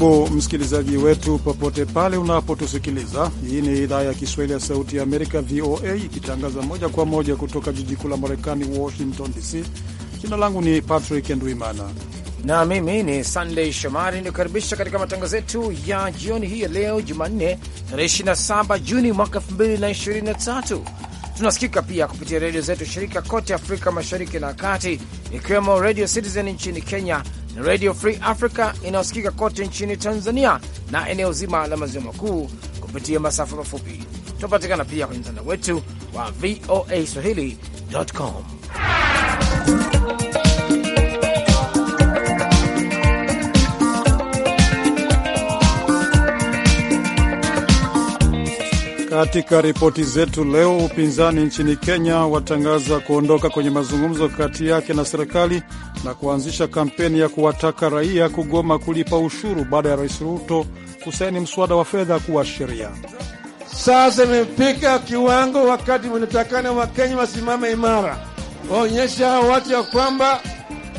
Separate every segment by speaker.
Speaker 1: Karibu msikilizaji wetu popote pale unapotusikiliza. Hii ni idhaa ya Kiswahili ya Sauti ya Amerika, VOA, ikitangaza moja kwa moja kutoka jiji kuu la Marekani, Washington DC. Jina langu ni Patrick Ndwimana na mimi ni
Speaker 2: Sandey Shomari, nikukaribisha katika matangazo yetu ya jioni hii ya leo Jumanne, tarehe 27 Juni mwaka 2023. Tunasikika pia kupitia redio zetu shirika kote Afrika Mashariki na Kati, ikiwemo Radio Citizen nchini Kenya na Radio Free Africa inayosikika kote nchini Tanzania na eneo zima la maziwa makuu kupitia masafa mafupi. Tunapatikana pia kwenye mtandao wetu wa VOA swahili.com.
Speaker 1: Katika ripoti zetu leo, upinzani nchini Kenya watangaza kuondoka kwenye mazungumzo kati yake na serikali na kuanzisha kampeni ya kuwataka raia kugoma kulipa ushuru baada ya Rais Ruto kusaini mswada wa fedha kuwa sheria. Sasa imefika kiwango, wakati mnatakana Wakenya wasimame imara,
Speaker 3: waonyesha hao watu ya kwamba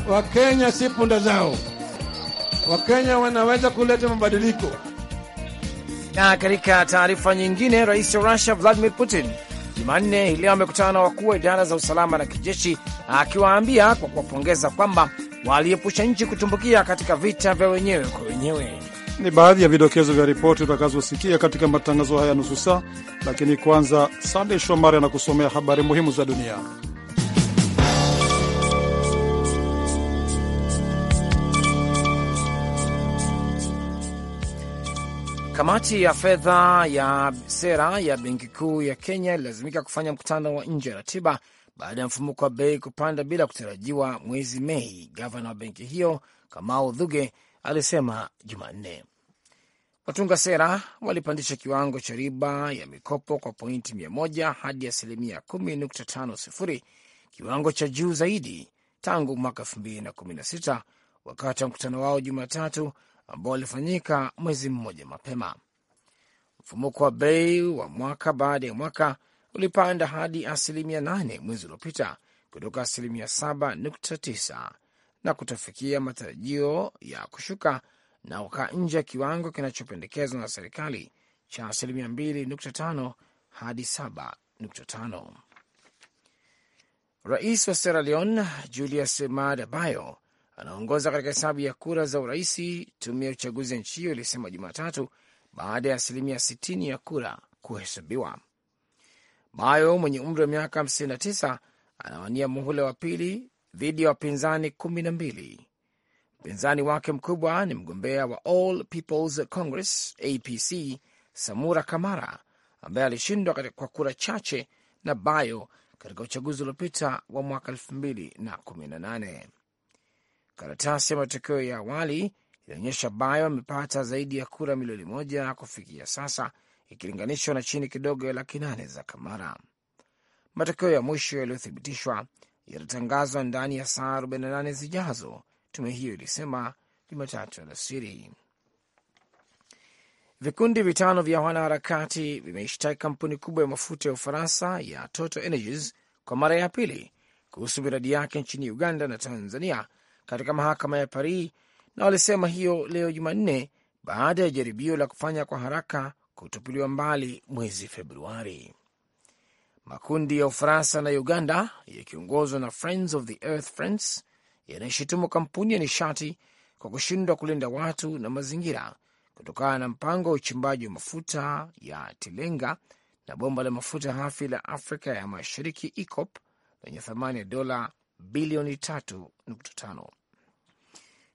Speaker 3: Wakenya si punda zao,
Speaker 2: Wakenya wanaweza kuleta mabadiliko. Na katika taarifa nyingine, rais wa Rusia Vladimir Putin Jumanne hii leo amekutana na wakuu wa idara za usalama na kijeshi, akiwaambia kwa kuwapongeza kwamba waliepusha nchi kutumbukia katika vita
Speaker 1: vya wenyewe kwa wenyewe. Ni baadhi ya vidokezo vya ripoti utakazosikia katika matangazo haya nusu saa, lakini kwanza, Sandey Shomari anakusomea habari muhimu za dunia.
Speaker 2: Kamati ya fedha ya sera ya benki kuu ya Kenya ililazimika kufanya mkutano wa nje ya ratiba baada ya mfumuko wa bei kupanda bila kutarajiwa mwezi Mei. Gavana wa benki hiyo Kamau Dhuge alisema Jumanne watunga sera walipandisha kiwango cha riba ya mikopo kwa pointi mia moja hadi asilimia kumi nukta tano sifuri, kiwango cha juu zaidi tangu mwaka elfu mbili na kumi na sita wakati wa mkutano wao Jumatatu ambao ulifanyika mwezi mmoja mapema. Mfumuko wa bei wa mwaka baada ya mwaka ulipanda hadi asilimia 8 mwezi uliopita kutoka asilimia 7.9 na kutofikia matarajio ya kushuka na ukaa nje ya kiwango kinachopendekezwa na serikali cha asilimia 2.5 hadi 7.5. Rais wa Sierra Leone Julius Maada Bio anaongoza katika hesabu ya kura za uraisi, tume ya uchaguzi ya nchi hiyo ilisema Jumatatu baada ya asilimia 60 ya kura kuhesabiwa. Bayo mwenye umri wa miaka 59 anawania muhula wa pili dhidi ya wapinzani kumi na mbili. Mpinzani wake mkubwa ni mgombea wa All Peoples Congress APC Samura Kamara ambaye alishindwa kwa kura chache na Bayo katika uchaguzi uliopita wa mwaka 2018. Karatasi ya matokeo ya awali inaonyesha Bayo amepata zaidi ya kura milioni moja kufikia sasa ikilinganishwa na chini kidogo ya laki nane za Kamara. Matokeo ya mwisho yaliyothibitishwa yatatangazwa ndani ya saa 48 zijazo, tume hiyo ilisema Jumatatu alasiri. Vikundi vitano vya wanaharakati vimeishtaki kampuni kubwa ya mafuta ya Ufaransa ya Total Energies kwa mara ya pili kuhusu miradi yake nchini Uganda na Tanzania katika mahakama ya Paris, na walisema hiyo leo Jumanne baada ya jaribio la kufanya kwa haraka kutupiliwa mbali mwezi Februari. Makundi ya Ufaransa na Uganda yakiongozwa na Friends of the Earth France yanayoshutumu kampuni ya nishati kwa kushindwa kulinda watu na mazingira kutokana na mpango wa uchimbaji wa mafuta ya Tilenga na bomba la mafuta hafi la Afrika ya Mashariki ecop lenye thamani ya dola bilioni 3.5.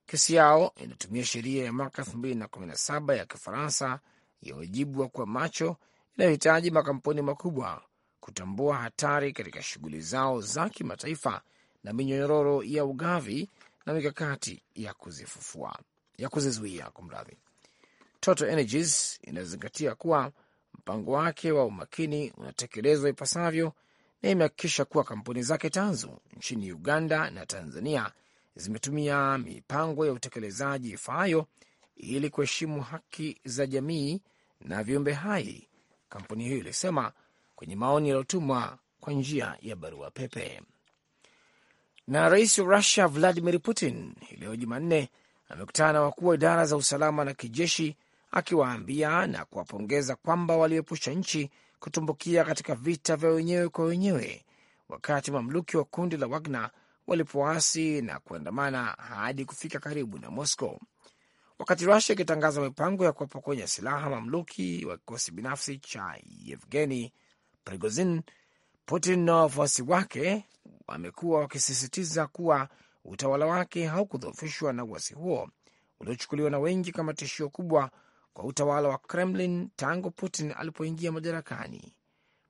Speaker 2: Kesi yao inatumia sheria ya mwaka 2017 ya Kifaransa ya wajibu wa kuwa macho inayohitaji makampuni makubwa kutambua hatari katika shughuli zao za kimataifa na minyororo ya ugavi na mikakati ya kuzifufua ya kuzizuia. Kumradhi, Total Energies inazingatia kuwa mpango wake wa umakini unatekelezwa ipasavyo na imehakikisha kuwa kampuni zake tanzu nchini Uganda na Tanzania zimetumia mipango ya utekelezaji ifaayo ili kuheshimu haki za jamii na viumbe hai, kampuni hiyo ilisema kwenye maoni yaliyotumwa kwa njia ya barua pepe. Na rais wa rusia Vladimir Putin leo Jumanne amekutana na wakuu wa idara za usalama na kijeshi, akiwaambia na kuwapongeza kwamba waliepusha nchi kutumbukia katika vita vya wenyewe kwa wenyewe wakati mamluki wa kundi la Wagner walipoasi na kuandamana hadi kufika karibu na Moscow. Wakati Rusia ikitangaza mipango ya kuwapokonya silaha mamluki wa kikosi binafsi cha Yevgeni Prigozin, Putin na wafuasi wake wamekuwa wakisisitiza kuwa utawala wake haukudhoofishwa na uasi huo uliochukuliwa na wengi kama tishio kubwa kwa utawala wa Kremlin tangu Putin alipoingia madarakani.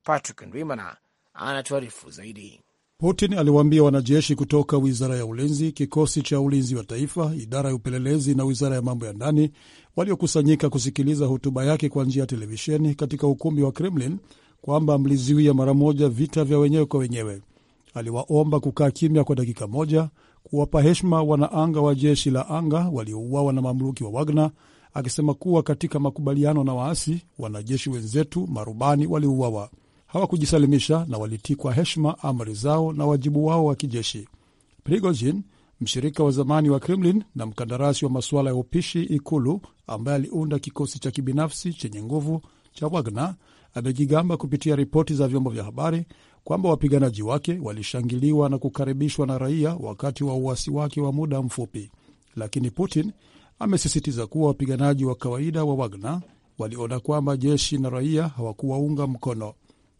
Speaker 2: Patrick Ndwimana anatuarifu zaidi.
Speaker 1: Putin aliwaambia wanajeshi kutoka wizara ya ulinzi, kikosi cha ulinzi wa taifa, idara ya upelelezi na wizara ya mambo ya ndani waliokusanyika kusikiliza hotuba yake kwa njia ya televisheni katika ukumbi wa Kremlin kwamba mlizuia mara moja vita vya wenyewe kwa wenyewe. Aliwaomba kukaa kimya kwa dakika moja, kuwapa heshima wanaanga wa jeshi la anga waliouawa na mamluki wa Wagner akisema kuwa katika makubaliano na waasi, wanajeshi wenzetu marubani waliuawa, hawakujisalimisha na walitikwa heshma heshima amri zao na wajibu wao wa kijeshi. Prigozhin, mshirika wa zamani wa Kremlin na mkandarasi wa masuala ya upishi Ikulu, ambaye aliunda kikosi cha kibinafsi chenye nguvu cha Wagner, amejigamba kupitia ripoti za vyombo vya habari kwamba wapiganaji wake walishangiliwa na kukaribishwa na raia wakati wa uasi wake wa muda mfupi, lakini Putin amesisitiza kuwa wapiganaji wa kawaida wa Wagner waliona kwamba jeshi na raia hawakuwaunga mkono.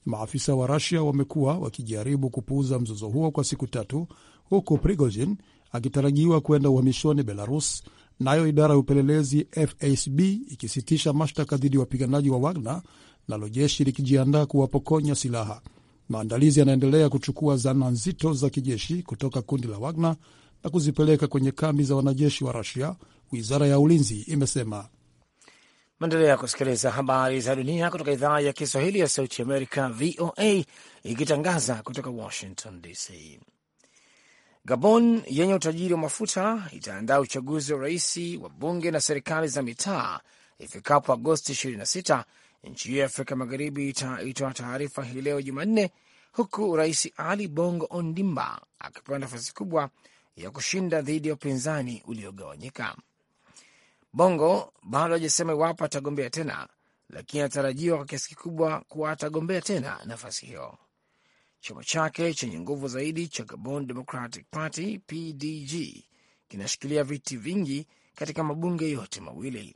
Speaker 1: Maafisa wa Rusia wamekuwa wakijaribu kupuuza mzozo huo kwa siku tatu, huku Prigozhin akitarajiwa kwenda uhamishoni Belarus, nayo idara ya upelelezi FSB ikisitisha mashtaka dhidi ya wapiganaji wa Wagner, nalo jeshi likijiandaa kuwapokonya silaha. Maandalizi yanaendelea kuchukua zana nzito za kijeshi kutoka kundi la Wagner na kuzipeleka kwenye kambi za wanajeshi wa Rusia wizara ya ulinzi imesema.
Speaker 2: Maendelea kusikiliza habari za dunia kutoka idhaa ya Kiswahili ya Sauti Amerika, VOA, ikitangaza kutoka Washington DC. Gabon yenye utajiri wa mafuta itaandaa uchaguzi wa rais wa bunge na serikali za mitaa ifikapo Agosti 26. Nchi hiyo ya Afrika Magharibi itaitoa taarifa hii leo Jumanne, huku Rais Ali Bongo Ondimba akipewa nafasi kubwa ya kushinda dhidi ya upinzani uliogawanyika. Bongo bado hajasema iwapo atagombea tena, lakini anatarajiwa kwa kiasi kikubwa kuwa atagombea tena nafasi hiyo. Chama chake chenye nguvu zaidi cha Gabon Democratic Party PDG kinashikilia viti vingi katika mabunge yote mawili.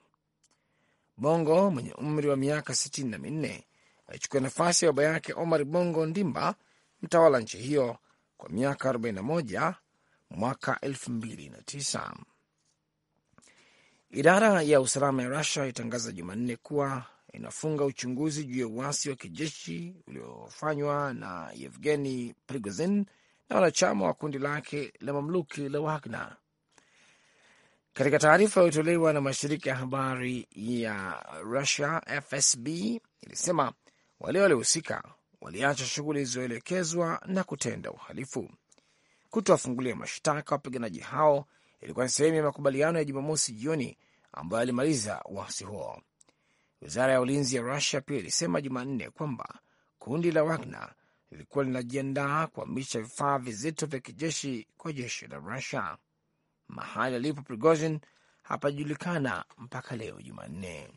Speaker 2: Bongo mwenye umri wa miaka 64 alichukua nafasi ya baba yake Omar Bongo Ndimba, mtawala nchi hiyo kwa miaka 41 mwaka 2009. Idara ya usalama ya Rusia ilitangaza Jumanne kuwa inafunga uchunguzi juu ya uasi wa kijeshi uliofanywa na Yevgeni Prigozhin na wanachama wa kundi lake la mamluki la Wagner. Katika taarifa iliyotolewa na mashirika ya habari ya Russia, FSB ilisema wale waliohusika waliacha shughuli zilizoelekezwa na kutenda uhalifu. Kutowafungulia mashtaka wapiganaji hao ilikuwa ni sehemu ya makubaliano ya Jumamosi jioni ambayo alimaliza uasi huo. Wizara ya ulinzi ya Rusia pia ilisema Jumanne kwamba kundi la Wagner lilikuwa linajiandaa kuhamisha vifaa vizito vya kijeshi kwa jeshi la Rusia. Mahali alipo Prigozhin hapajulikana mpaka leo Jumanne.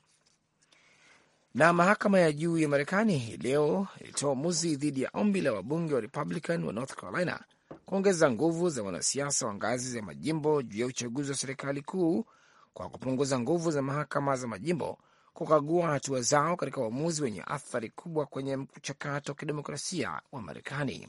Speaker 2: Na mahakama ya juu ya Marekani hii leo ilitoa uamuzi dhidi ya ombi la wabunge wa Republican wa North Carolina kuongeza nguvu za wanasiasa wa ngazi za majimbo juu ya uchaguzi wa serikali kuu kwa kupunguza nguvu za mahakama za majimbo kukagua hatua zao katika uamuzi wenye athari kubwa kwenye mchakato wa kidemokrasia wa Marekani.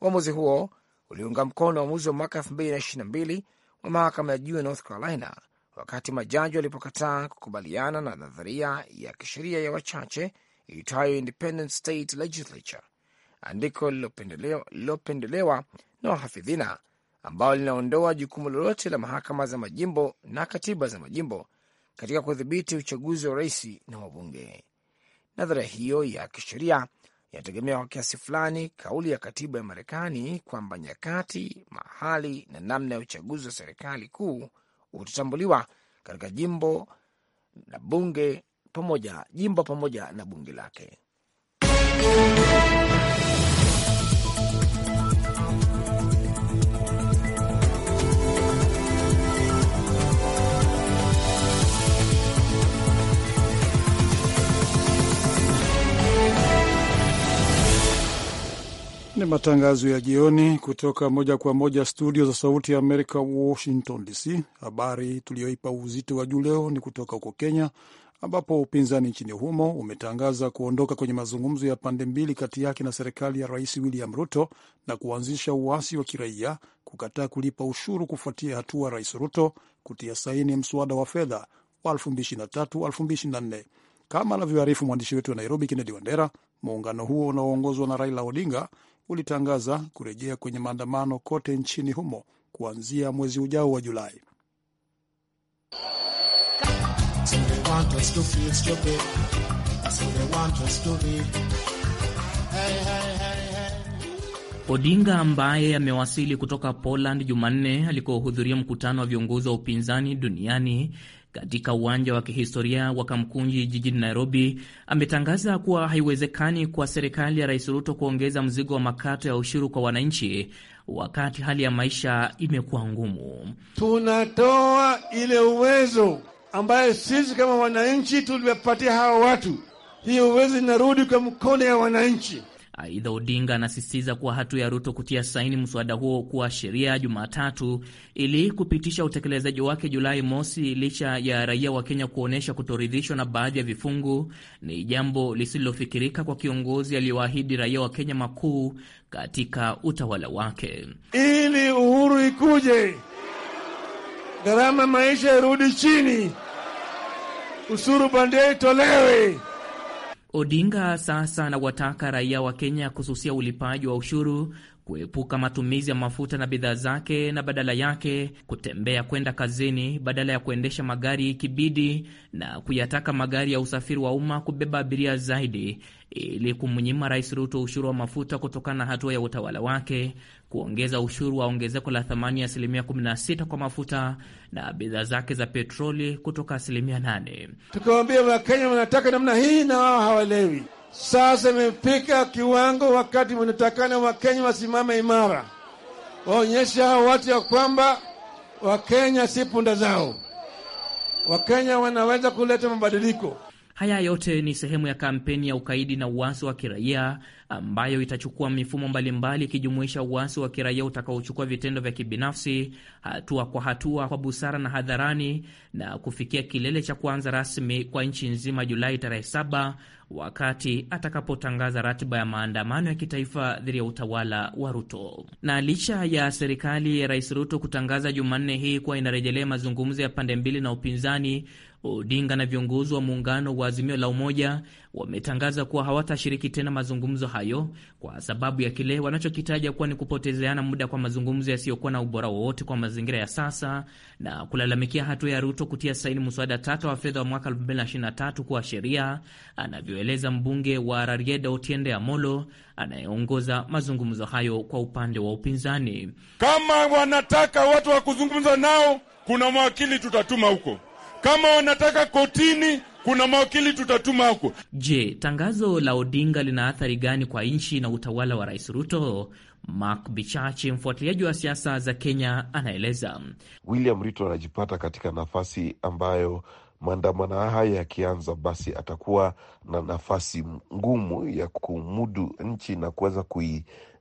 Speaker 2: Uamuzi huo uliunga mkono uamuzi wa mwaka 2022 wa mahakama ya juu ya North Carolina, wakati majaji walipokataa kukubaliana na nadharia ya kisheria ya wachache iitwayo Independent State Legislature, andiko lililopendelewa na wahafidhina ambalo linaondoa jukumu lolote la mahakama za majimbo na katiba za majimbo katika kudhibiti uchaguzi wa rais na wabunge. nadhara hiyo ya kisheria inategemea kwa kiasi fulani kauli ya katiba ya Marekani kwamba nyakati, mahali na namna ya uchaguzi wa serikali kuu utatambuliwa katika jimbo na bunge pamoja, jimbo pamoja na bunge lake.
Speaker 1: Ni matangazo ya jioni kutoka moja kwa moja studio za Sauti ya Amerika, Washington DC. Habari tuliyoipa uzito wa juu leo ni kutoka huko Kenya, ambapo upinzani nchini humo umetangaza kuondoka kwenye mazungumzo ya pande mbili kati yake na serikali ya Rais William Ruto na kuanzisha uasi wa kiraia kukataa kulipa ushuru kufuatia hatua Rais Ruto kutia saini mswada wa fedha wa 2023 Kama anavyoarifu mwandishi wetu wa Nairobi, Kennedy Wandera, muungano huo unaoongozwa na Raila Odinga ulitangaza kurejea kwenye maandamano kote nchini humo kuanzia mwezi ujao wa Julai.
Speaker 4: Odinga ambaye amewasili kutoka Poland Jumanne alikohudhuria mkutano wa viongozi wa upinzani duniani katika uwanja wa kihistoria wa Kamkunji jijini Nairobi, ametangaza kuwa haiwezekani kwa serikali ya Rais Ruto kuongeza mzigo wa makato ya ushuru kwa wananchi wakati hali ya maisha imekuwa ngumu. Tunatoa ile
Speaker 3: uwezo ambayo sisi kama wananchi tuliwapatia hawa watu, hiyo uwezo inarudi kwa
Speaker 4: mkono ya wananchi. Aidha, Odinga anasisitiza kuwa hatua ya Ruto kutia saini mswada huo kuwa sheria Jumatatu ili kupitisha utekelezaji wake Julai mosi, licha ya raia wa Kenya kuonyesha kutoridhishwa na baadhi ya vifungu, ni jambo lisilofikirika kwa kiongozi aliyoahidi raia wa Kenya makuu katika utawala wake.
Speaker 3: Ili uhuru ikuje, gharama maisha irudi chini, usuru bandia itolewe
Speaker 4: Odinga sasa anawataka raia wa Kenya kususia ulipaji wa ushuru kuepuka matumizi ya mafuta na bidhaa zake na badala yake kutembea kwenda kazini badala ya kuendesha magari ikibidi, na kuyataka magari ya usafiri wa umma kubeba abiria zaidi ili kumnyima Rais Ruto ushuru wa mafuta kutokana na hatua ya utawala wake kuongeza ushuru wa ongezeko la thamani ya asilimia 16 kwa mafuta na bidhaa zake za petroli kutoka asilimia 8.
Speaker 3: Tukiwaambia Wakenya wanataka namna hii na wao hawalewi sasa imefika kiwango wakati mnatakana Wakenya wasimame imara, waonyesha hao watu ya kwamba Wakenya si punda zao,
Speaker 4: Wakenya wanaweza kuleta mabadiliko. Haya yote ni sehemu ya kampeni ya ukaidi na uasi wa kiraia ambayo itachukua mifumo mbalimbali ikijumuisha uasi wa kiraia utakaochukua vitendo vya kibinafsi hatua kwa hatua kwa busara na hadharani, na kufikia kilele cha kuanza rasmi kwa nchi nzima Julai tarehe saba wakati atakapotangaza ratiba ya maandamano ya kitaifa dhidi ya utawala wa Ruto. Na licha ya serikali ya Rais Ruto kutangaza Jumanne hii kuwa inarejelea mazungumzo ya pande mbili na upinzani, Odinga na viongozi wa muungano wa Azimio la Umoja wametangaza kuwa hawatashiriki tena mazungumzo hayo kwa sababu ya kile wanachokitaja kuwa ni kupotezeana muda kwa mazungumzo yasiyokuwa na ubora wowote kwa mazingira ya sasa, na kulalamikia hatua ya Ruto kutia saini mswada tata wa fedha wa mwaka 2023 kuwa sheria anavyo anavyoeleza mbunge wa Rarieda Otiende Amolo anayeongoza mazungumzo hayo kwa upande wa upinzani.
Speaker 3: Kama wanataka watu wa kuzungumza nao, kuna mawakili tutatuma huko.
Speaker 4: Kama wanataka kotini kuna mawakili tutatuma huko. Je, tangazo la Odinga lina athari gani kwa nchi na utawala wa Rais Ruto? Mark Bichachi, mfuatiliaji wa siasa za Kenya, anaeleza.
Speaker 3: William Ruto anajipata katika nafasi ambayo maandamano haya yakianza, basi atakuwa na nafasi ngumu ya kumudu nchi na kuweza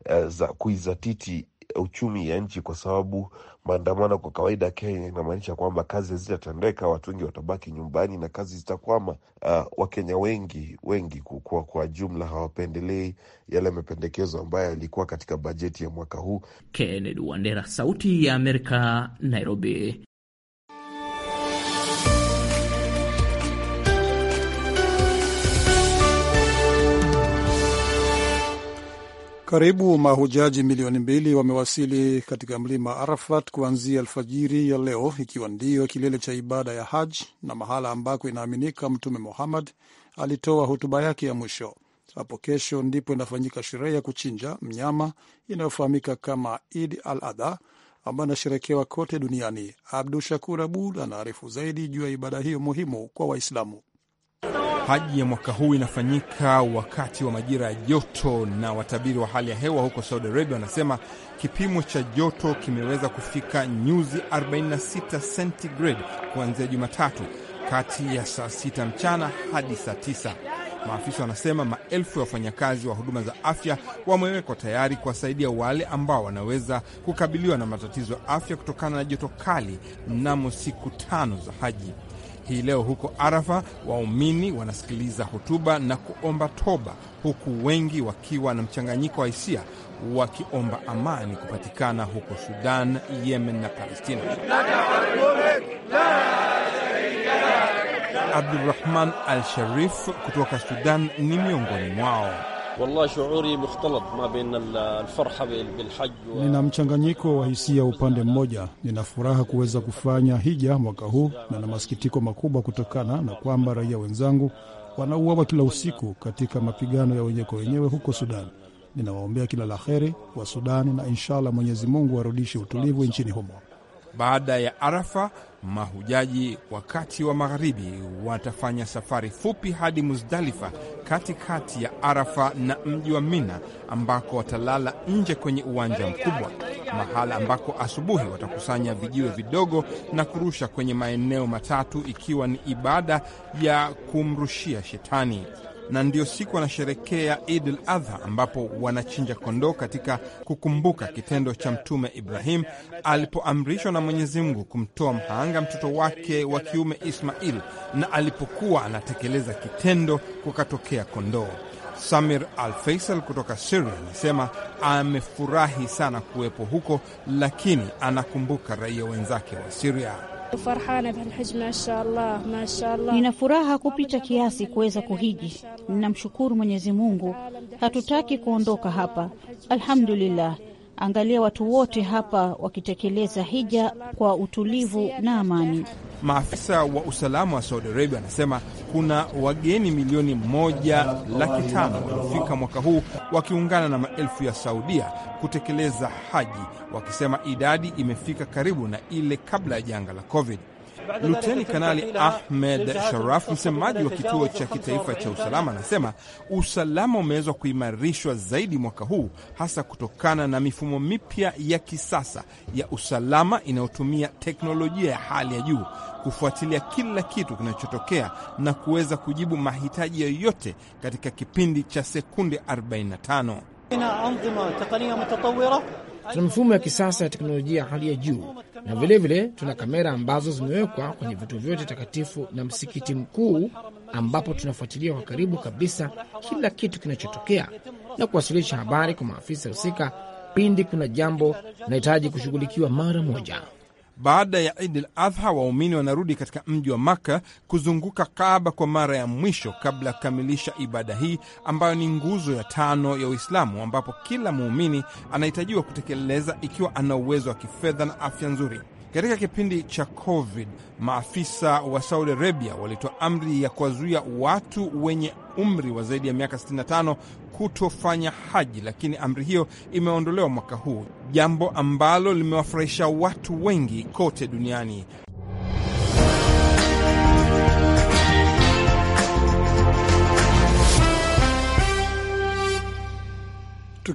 Speaker 3: eh, kuizatiti uchumi ya nchi, kwa sababu maandamano kwa kawaida Kenya inamaanisha kwamba kazi hazitatendeka, watu wengi watabaki nyumbani na kazi zitakwama. Uh, Wakenya wengi wengi kwa, kwa jumla hawapendelei yale mapendekezo ambayo yalikuwa katika bajeti ya mwaka huu.
Speaker 4: Kennedy Wandera, Sauti ya Amerika, Nairobi.
Speaker 1: Karibu mahujaji milioni mbili wamewasili katika mlima Arafat kuanzia alfajiri ya leo, ikiwa ndiyo kilele cha ibada ya Haj na mahala ambako inaaminika Mtume Muhammad alitoa hotuba yake ya mwisho. Hapo kesho ndipo inafanyika sherehe ya kuchinja mnyama inayofahamika kama Id al Adha, ambayo inasherekewa kote duniani. Abdu Shakur Abud anaarifu zaidi juu ya ibada hiyo muhimu kwa Waislamu.
Speaker 3: Haji ya mwaka huu inafanyika wakati wa majira ya joto, na watabiri wa hali ya hewa huko Saudi Arabia wanasema kipimo cha joto kimeweza kufika nyuzi 46 centigrade kuanzia Jumatatu kati ya saa 6 mchana hadi saa 9. Maafisa wanasema maelfu ya wafanyakazi wa huduma za afya wamewekwa tayari kuwasaidia wale ambao wanaweza kukabiliwa na matatizo ya afya kutokana na joto kali mnamo siku tano za Haji. Hii leo huko Arafa, waumini wanasikiliza hutuba na kuomba toba, huku wengi wakiwa na mchanganyiko wa hisia wakiomba amani kupatikana huko Sudan, Yemen na Palestina. Abdurahman Al Sharif kutoka Sudan ni miongoni mwao. Nina
Speaker 1: mchanganyiko wa hisia. Upande mmoja nina furaha kuweza kufanya hija mwaka huu na na masikitiko makubwa kutokana na kwamba raia wenzangu wanauawa kila usiku katika mapigano ya wenyewe kwa wenyewe huko Sudan. Ninawaombea kila la heri wa Sudani na inshallah Mwenyezi Mungu arudishe utulivu nchini humo.
Speaker 3: Baada ya Arafa, mahujaji wakati wa magharibi watafanya safari fupi hadi Muzdalifa, katikati ya Arafa na mji wa Mina, ambako watalala nje kwenye uwanja mkubwa, mahala ambako asubuhi watakusanya vijiwe vidogo na kurusha kwenye maeneo matatu, ikiwa ni ibada ya kumrushia shetani na ndio siku wanasherekea Id l Adha, ambapo wanachinja kondoo katika kukumbuka kitendo cha Mtume Ibrahim alipoamrishwa na Mwenyezi Mungu kumtoa mhanga mtoto wake wa kiume Ismail, na alipokuwa anatekeleza kitendo kukatokea kondoo. Samir Al Faisal kutoka Syria anasema amefurahi sana kuwepo huko, lakini anakumbuka raia wenzake wa siria
Speaker 5: Nina furaha kupita kiasi kuweza kuhiji. Ninamshukuru Mwenyezi Mungu, hatutaki kuondoka hapa, alhamdulillah. Angalia watu wote hapa wakitekeleza hija kwa utulivu na amani.
Speaker 3: Maafisa wa usalama wa Saudi Arabia wanasema kuna wageni milioni moja laki tano waliofika mwaka huu wakiungana na maelfu ya Saudia kutekeleza haji, wakisema idadi imefika karibu na ile kabla ya janga la COVID. Luteni Kanali Ahmed Sharaf, msemaji wa kituo cha kitaifa cha usalama, anasema usalama umewezwa kuimarishwa zaidi mwaka huu, hasa kutokana na mifumo mipya ya kisasa ya usalama inayotumia teknolojia ya hali ya juu kufuatilia kila kitu kinachotokea na kuweza kujibu mahitaji yoyote katika kipindi
Speaker 2: cha sekunde 45. Tuna mifumo ya kisasa ya teknolojia ya hali ya juu na vilevile vile, tuna kamera ambazo zimewekwa kwenye vituo vyote takatifu na msikiti mkuu, ambapo tunafuatilia kwa karibu kabisa kila kitu kinachotokea na kuwasilisha habari kwa maafisa husika pindi kuna jambo linahitaji kushughulikiwa mara moja.
Speaker 3: Baada ya Idi l Adha, waumini wanarudi katika mji wa Makka kuzunguka Kaaba kwa mara ya mwisho kabla ya kukamilisha ibada hii ambayo ni nguzo ya tano ya Uislamu, ambapo kila muumini anahitajiwa kutekeleza ikiwa ana uwezo wa kifedha na afya nzuri. Katika kipindi cha COVID, maafisa wa Saudi Arabia walitoa amri ya kuwazuia watu wenye umri wa zaidi ya miaka 65 kutofanya haji, lakini amri hiyo imeondolewa mwaka huu, jambo ambalo limewafurahisha watu wengi kote duniani.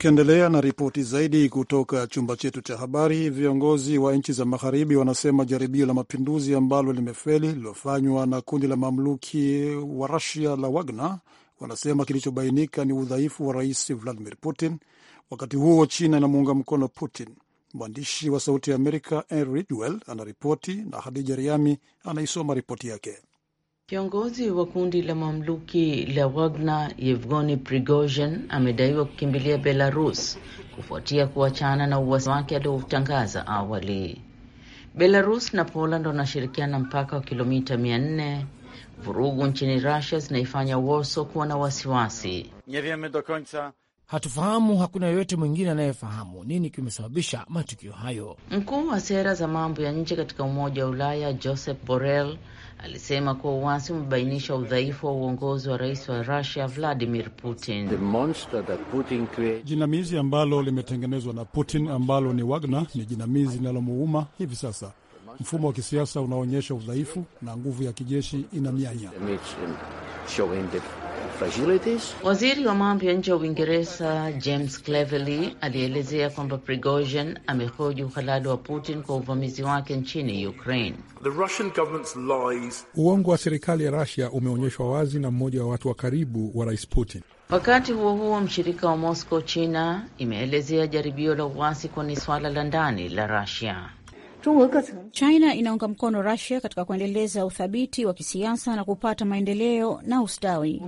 Speaker 1: Tukiendelea na ripoti zaidi kutoka chumba chetu cha habari, viongozi wa nchi za magharibi wanasema jaribio la mapinduzi ambalo limefeli lililofanywa na kundi la mamluki wa Rusia la Wagner, wanasema kilichobainika ni udhaifu wa rais Vladimir Putin. Wakati huo China inamuunga mkono Putin. Mwandishi wa Sauti ya Amerika Henry Duel anaripoti na Hadija Riami anaisoma ripoti yake.
Speaker 5: Kiongozi wa kundi la mamluki la Wagner Yevgeny Prigozhin amedaiwa kukimbilia Belarus kufuatia kuachana na uwasi wake alioutangaza awali. Belarus na Poland wanashirikiana mpaka wa kilomita 400. Vurugu nchini Russia zinaifanya Warsaw kuwa na wasiwasi. Nie wiemy do końca
Speaker 2: hatufahamu, hakuna yoyote mwingine anayefahamu nini kimesababisha matukio hayo. Mkuu wa sera za
Speaker 5: mambo ya nje katika Umoja wa Ulaya Joseph Borrell alisema kuwa uwasi umebainisha udhaifu wa uongozi wa rais wa Rusia Vladimir Putin. Putin
Speaker 1: create... jinamizi ambalo limetengenezwa na Putin ambalo ni Wagner ni jinamizi linalomuuma hivi sasa. Mfumo wa kisiasa unaonyesha udhaifu na nguvu ya kijeshi ina mianya. Waziri
Speaker 5: wa mambo ya nje wa Uingereza James Cleverly alielezea kwamba Prigozhin amehoji uhalali wa Putin kwa uvamizi wake nchini Ukraine.
Speaker 3: Uongo wa serikali ya Rusia umeonyeshwa wazi na mmoja wa watu wa karibu wa Rais Putin.
Speaker 5: Wakati huo huo, mshirika wa Moscow China imeelezea jaribio la uasi kuwa ni swala la ndani la Rusia. China inaunga mkono Rusia katika kuendeleza uthabiti wa kisiasa na kupata maendeleo na ustawi.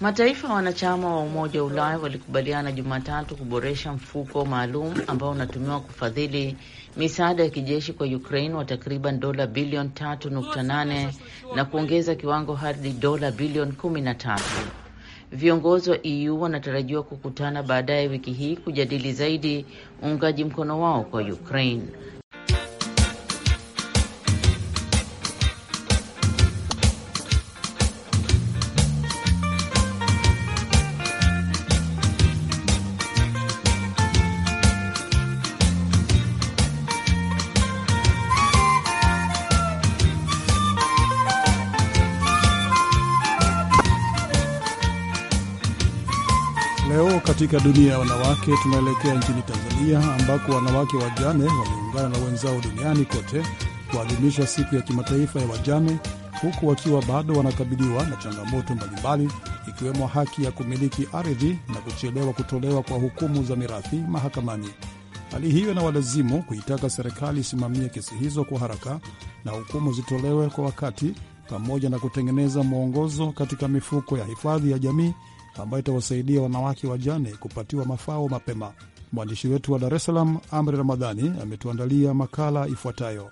Speaker 5: Mataifa wanachama wa Umoja wa Ulaya walikubaliana Jumatatu kuboresha mfuko maalum ambao unatumiwa kufadhili misaada ya kijeshi kwa Ukraine wa takriban dola bilioni 3.8 na kuongeza kiwango hadi dola bilioni 13. Viongozi wa EU wanatarajiwa kukutana baadaye wiki hii kujadili zaidi uungaji mkono wao kwa Ukraine.
Speaker 1: Katika dunia ya wanawake, tunaelekea nchini Tanzania ambako wanawake wajane waliungana na wenzao duniani kote kuadhimisha siku ya kimataifa ya wajane, huku wakiwa bado wanakabiliwa na changamoto mbalimbali, ikiwemo haki ya kumiliki ardhi na kuchelewa kutolewa kwa hukumu za mirathi mahakamani. Hali hiyo na walazimu kuitaka serikali isimamie kesi hizo kwa haraka na hukumu zitolewe kwa wakati, pamoja na kutengeneza mwongozo katika mifuko ya hifadhi ya jamii ambayo itawasaidia wanawake wajane kupatiwa mafao mapema. Mwandishi wetu wa Dar es Salaam, Amri Ramadhani, ametuandalia makala ifuatayo.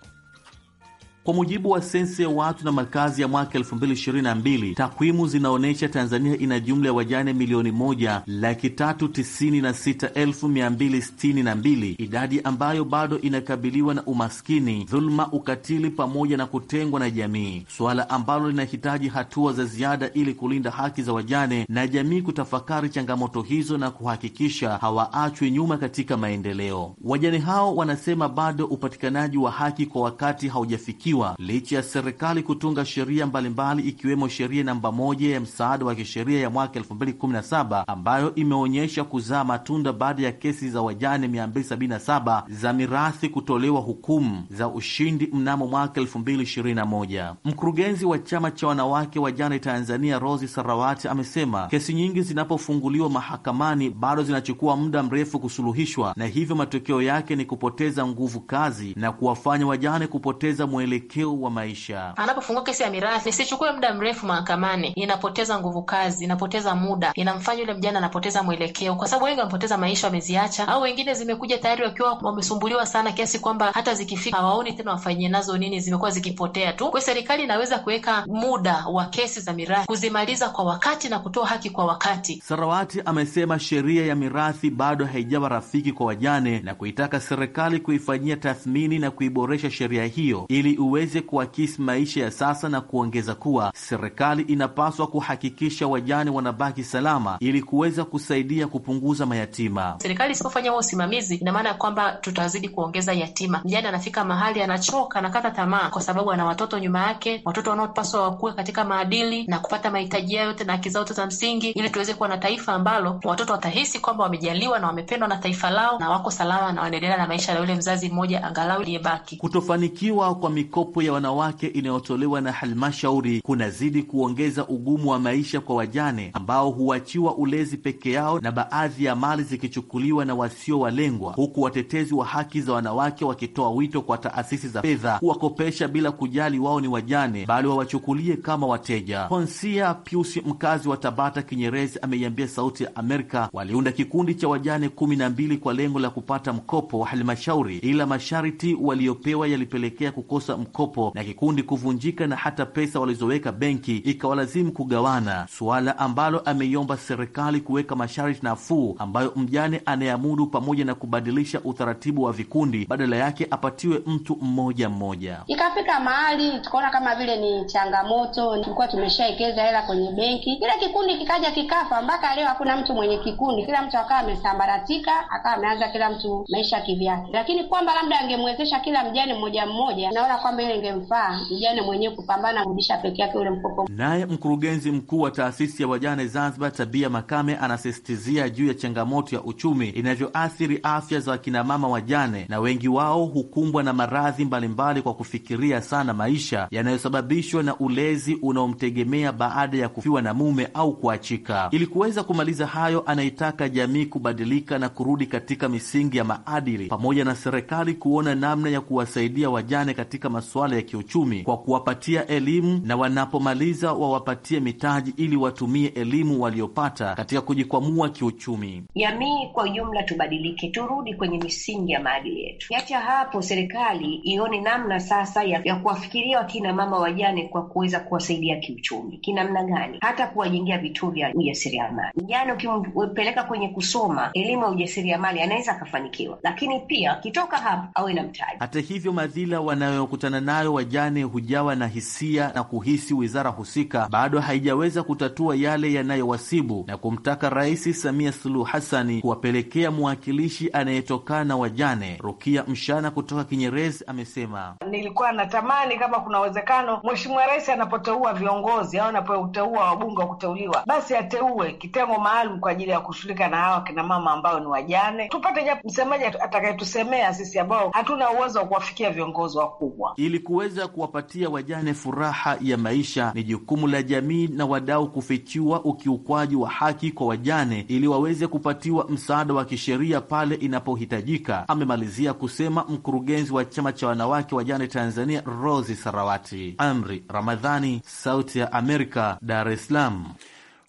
Speaker 6: Kwa mujibu wa sensa ya watu na makazi ya mwaka 2022, takwimu zinaonyesha Tanzania ina jumla ya wajane milioni moja laki tatu tisini na sita elfu mia mbili sitini na mbili, idadi ambayo bado inakabiliwa na umaskini, dhuluma, ukatili pamoja na kutengwa na jamii, suala ambalo linahitaji hatua za ziada ili kulinda haki za wajane na jamii kutafakari changamoto hizo na kuhakikisha hawaachwi nyuma katika maendeleo. Wajane hao wanasema bado upatikanaji wa haki kwa wakati haujafikiwa kuzuiwa licha ya serikali kutunga sheria mbalimbali ikiwemo sheria namba moja ya msaada wa kisheria ya mwaka 2017 ambayo imeonyesha kuzaa matunda baada ya kesi za wajane 277 za mirathi kutolewa hukumu za ushindi mnamo mwaka 2021. Mkurugenzi wa chama cha wanawake wajane Tanzania Rosi Sarawati amesema kesi nyingi zinapofunguliwa mahakamani bado zinachukua muda mrefu kusuluhishwa na hivyo matokeo yake ni kupoteza nguvu kazi na kuwafanya wajane kupoteza mwelekeo mwelekeo wa maisha.
Speaker 5: Anapofungua kesi ya mirathi, nisichukue muda mrefu mahakamani, inapoteza nguvu kazi, inapoteza muda, inamfanya yule mjana anapoteza mwelekeo, kwa sababu wengi wamepoteza maisha, wameziacha, au wengine zimekuja tayari wakiwa wamesumbuliwa sana kiasi kwamba hata zikifika hawaoni tena wafanyie nazo nini, zimekuwa zikipotea tu. Kwa serikali inaweza kuweka muda wa kesi za mirathi, kuzimaliza kwa wakati na kutoa haki kwa wakati.
Speaker 6: Sarawati amesema sheria ya mirathi bado haijawa rafiki kwa wajane na kuitaka serikali kuifanyia tathmini na kuiboresha sheria hiyo ili uwe iweze kuakisi maisha ya sasa na kuongeza kuwa serikali inapaswa kuhakikisha wajane wanabaki salama ili kuweza kusaidia kupunguza mayatima.
Speaker 5: Serikali isipofanya huo usimamizi, ina maana ya kwamba tutazidi kuongeza yatima. Mjane anafika mahali anachoka, anakata tamaa, kwa sababu ana watoto nyuma yake, watoto wanaopaswa wakuwe katika maadili na kupata mahitaji yao yote na haki zao za msingi, ili tuweze kuwa na taifa ambalo watoto watahisi kwamba wamejaliwa na wamependwa na taifa lao na wako salama na wanaendelea na maisha ya yule mzazi mmoja angalau aliyebaki.
Speaker 6: Kutofanikiwa kwa mikopo mikopo ya wanawake inayotolewa na halmashauri kunazidi kuongeza ugumu wa maisha kwa wajane ambao huachiwa ulezi peke yao na baadhi ya mali zikichukuliwa na wasio walengwa, huku watetezi wa haki za wanawake wakitoa wito kwa taasisi za fedha kuwakopesha bila kujali wao ni wajane, bali wawachukulie kama wateja. Konsia Piusi, mkazi wa Tabata Kinyerezi, ameiambia Sauti ya Amerika waliunda kikundi cha wajane kumi na mbili kwa lengo la kupata mkopo wa halmashauri, ila masharti waliopewa yalipelekea kukosa mkopo na kikundi kuvunjika na hata pesa walizoweka benki ikawalazimu kugawana, suala ambalo ameiomba serikali kuweka masharti nafuu ambayo mjane anayeamudu pamoja na kubadilisha utaratibu wa vikundi, badala yake apatiwe mtu mmoja mmoja.
Speaker 5: Ikafika mahali tukaona kama vile ni changamoto, tulikuwa tumeshaekeza hela kwenye benki, kila kikundi kikaja kikafa, mpaka leo hakuna mtu mwenye kikundi, kila mtu akawa amesambaratika, akawa ameanza kila mtu maisha kivyake, lakini kwamba labda angemwezesha kila mjane mmoja mmoja, naona kwa mbele ingemfaa vijana mwenyewe kupambana kurudisha peke yake ule mkopo.
Speaker 6: Naye mkurugenzi mkuu wa taasisi ya wajane Zanzibar, Tabia Makame, anasisitizia juu ya changamoto ya uchumi inavyoathiri afya za wakinamama wajane, na wengi wao hukumbwa na maradhi mbalimbali kwa kufikiria sana maisha yanayosababishwa na ulezi unaomtegemea baada ya kufiwa na mume au kuachika. Ili kuweza kumaliza hayo, anaitaka jamii kubadilika na kurudi katika misingi ya maadili pamoja na serikali kuona namna ya kuwasaidia wajane katika masuala ya kiuchumi kwa kuwapatia elimu na wanapomaliza wawapatie mitaji ili watumie elimu waliopata katika kujikwamua kiuchumi.
Speaker 5: Jamii kwa ujumla tubadilike, turudi kwenye misingi ya maadili yetu. niacha hapo, serikali ione namna sasa ya, ya kuwafikiria wakina mama wajane
Speaker 3: kwa kuweza kuwasaidia kiuchumi kinamna gani, hata kuwajengea vituo vya ujasiriamali. mjane ukimpeleka kwenye kusoma elimu ya ujasiriamali anaweza akafanikiwa, lakini pia akitoka
Speaker 4: hapo awe na mtaji.
Speaker 6: Hata hivyo madhila wanayokutana kutokana nayo wajane hujawa na hisia na kuhisi wizara husika bado haijaweza kutatua yale yanayowasibu na kumtaka Rais Samia Suluhu Hasani kuwapelekea mwakilishi anayetokana wajane. Rukia Mshana kutoka Kinyerezi amesema,
Speaker 5: nilikuwa natamani kama kuna uwezekano Mheshimiwa Rais anapoteua viongozi au anapoteua wabunge wa kuteuliwa, basi ateue kitengo maalum kwa ajili ya kushughulika na hawa kinamama ambao ni wajane, tupate msemaji atakayetusemea sisi ambao hatuna uwezo wa kuwafikia viongozi
Speaker 6: wakubwa. Ili kuweza kuwapatia wajane furaha ya maisha, ni jukumu la jamii na wadau kufichua ukiukwaji wa haki kwa wajane ili waweze kupatiwa msaada wa kisheria pale inapohitajika. Amemalizia kusema mkurugenzi wa chama cha wanawake wajane Tanzania, Rosi Sarawati. Amri Ramadhani, Sauti ya Amerika, Dar es Salaam.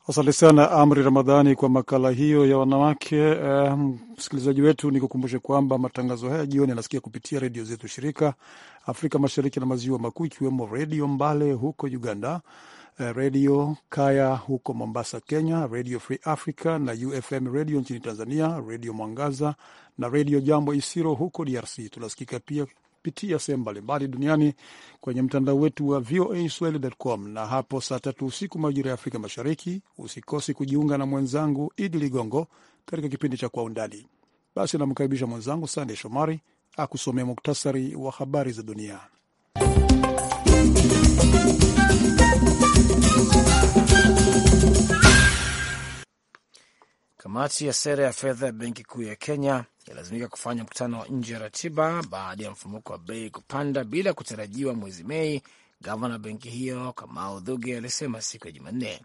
Speaker 1: Asante sana Amri Ramadhani kwa makala hiyo ya wanawake. Eh, msikilizaji um, wetu, kukumbushe kwamba matangazo haya jioni yanasikia kupitia redio zetu shirika Afrika Mashariki na Maziwa Makuu, ikiwemo Redio Mbale huko Uganda, eh, Redio Kaya huko Mombasa, Kenya, Redio Free Africa na UFM Redio nchini Tanzania, Redio Mwangaza na Redio Jambo Isiro huko DRC. Tunasikika pia kupitia sehemu mbalimbali duniani kwenye mtandao wetu wa voaswahili.com, na hapo saa tatu usiku majira ya Afrika Mashariki usikosi kujiunga na mwenzangu Idi Ligongo katika kipindi cha Kwa Undani. Basi namkaribisha mwenzangu Sande Shomari akusomea muktasari wa habari za dunia.
Speaker 2: Kamati ya sera ya fedha ya benki kuu ya Kenya ilazimika kufanya mkutano wa nje ya ratiba baada ya mfumuko wa bei kupanda bila kutarajiwa mwezi Mei. Gavana wa benki hiyo Kamau Dhuge alisema siku ya Jumanne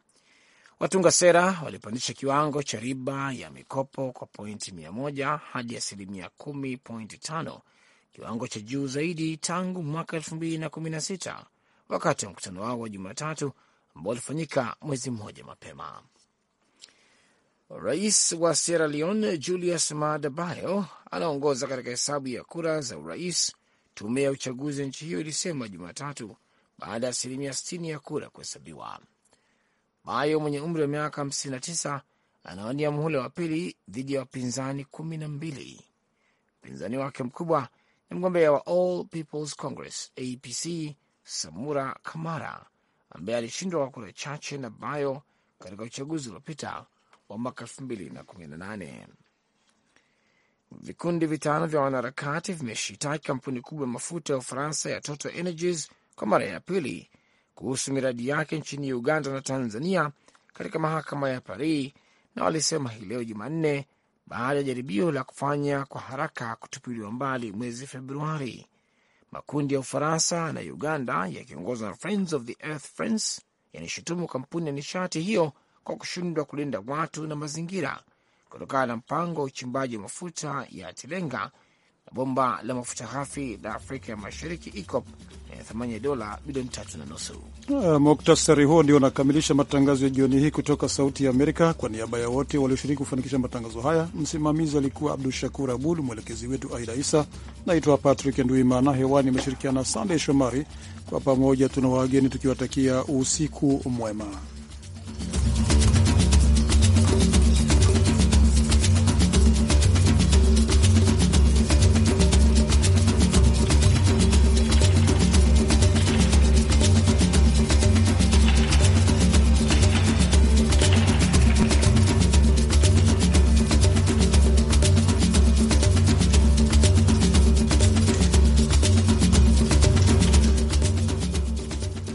Speaker 2: Watunga sera walipandisha kiwango cha riba ya mikopo kwa pointi mia moja hadi asilimia kumi pointi tano, kiwango cha juu zaidi tangu mwaka elfu mbili na kumi na sita wakati wa mkutano wao wa Jumatatu ambao ulifanyika mwezi mmoja mapema. Rais wa Sierra Leone Julius Maada Bio anaongoza katika hesabu ya kura za urais, tume ya uchaguzi ya nchi hiyo ilisema Jumatatu baada ya asilimia 60 ya kura kuhesabiwa. Bayo mwenye umri wa miaka 59 anawania muhula wa pili dhidi ya wapinzani kumi na mbili. Mpinzani wake mkubwa ni mgombea wa All Peoples Congress APC Samura Kamara ambaye alishindwa kwa kura chache na Bayo katika uchaguzi uliopita wa mwaka 2018. Vikundi vitano vya wanaharakati vimeshitaki kampuni kubwa ya mafuta ya Ufaransa ya Total Energies kwa mara ya pili kuhusu miradi yake nchini Uganda na Tanzania katika mahakama ya Paris, na walisema hii leo Jumanne baada ya jaribio la kufanya kwa haraka kutupiliwa mbali mwezi Februari. Makundi ya Ufaransa na Uganda yakiongozwa na Friends of the Earth Friends yanashutumu kampuni ya nishati hiyo kwa kushindwa kulinda watu na mazingira kutokana na mpango wa uchimbaji wa mafuta ya Tilenga bomba la mafuta ghafi la Afrika ya Mashariki ECOP lenye eh, thamani ya dola bilioni tatu na nusu.
Speaker 1: Ah, muktasari huo ndio unakamilisha matangazo ya jioni hii kutoka Sauti ya Amerika. Kwa niaba ya wote walioshiriki kufanikisha matangazo haya, msimamizi alikuwa Abdu Shakur Abud, mwelekezi wetu Aida Isa. Naitwa Patrick Nduimana, hewani imeshirikiana Sandey Shomari. Kwa pamoja tuna wageni tukiwatakia usiku mwema.